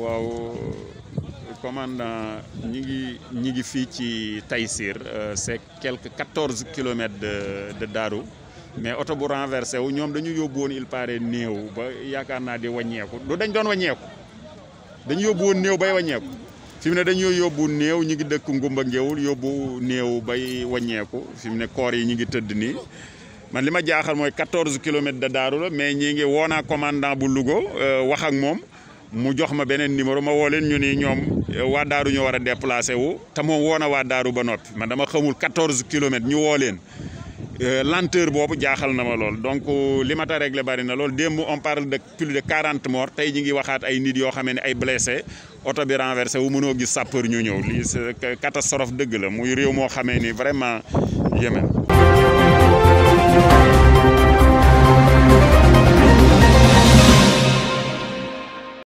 waaw commandant ñi ngi ñi ngi fii ci Taïsir euh, c'est quelque quatorze kilomètres de de Darou mais oto bu renversé wu ñoom dañu yóbbu woon il paraît néew ba yaakaar naa di wàññeeku du dañ doon wàññeeku dañu yóbbu woon néew bay wàññeeku fi mu ne dañoo yóbbu néew ñu ngi dëkk ngumba ngéwul yóbbu néew bay wàññeeku fi mu ne koor yi ñu ngi tëdd nii man li ma jaaxal mooy 14 kilomètres de Darou la mais ñi ngi woonaa commandant bu Louga euh, wax ak moom mu jox ma beneen numéro ma woo leen ñu ni ñoom eh, waa daaru ñu war a déplacé wu te moom woon a waa daaru ba noppi man dama xamul 14 kilomètres ñu woo leen eh, lenteur boobu jaaxal na ma lool donc eh, li ma ta réglé bari na lool démb on parle de plus de 40 morts tey ñu ngi waxaat ay nit yoo xamee ne ay blessé oto bi renversé wu mënoo gis sapeur ñu ñëw lii c'est catastrophe dëgg la muy réew moo xamee ni vraiment yémen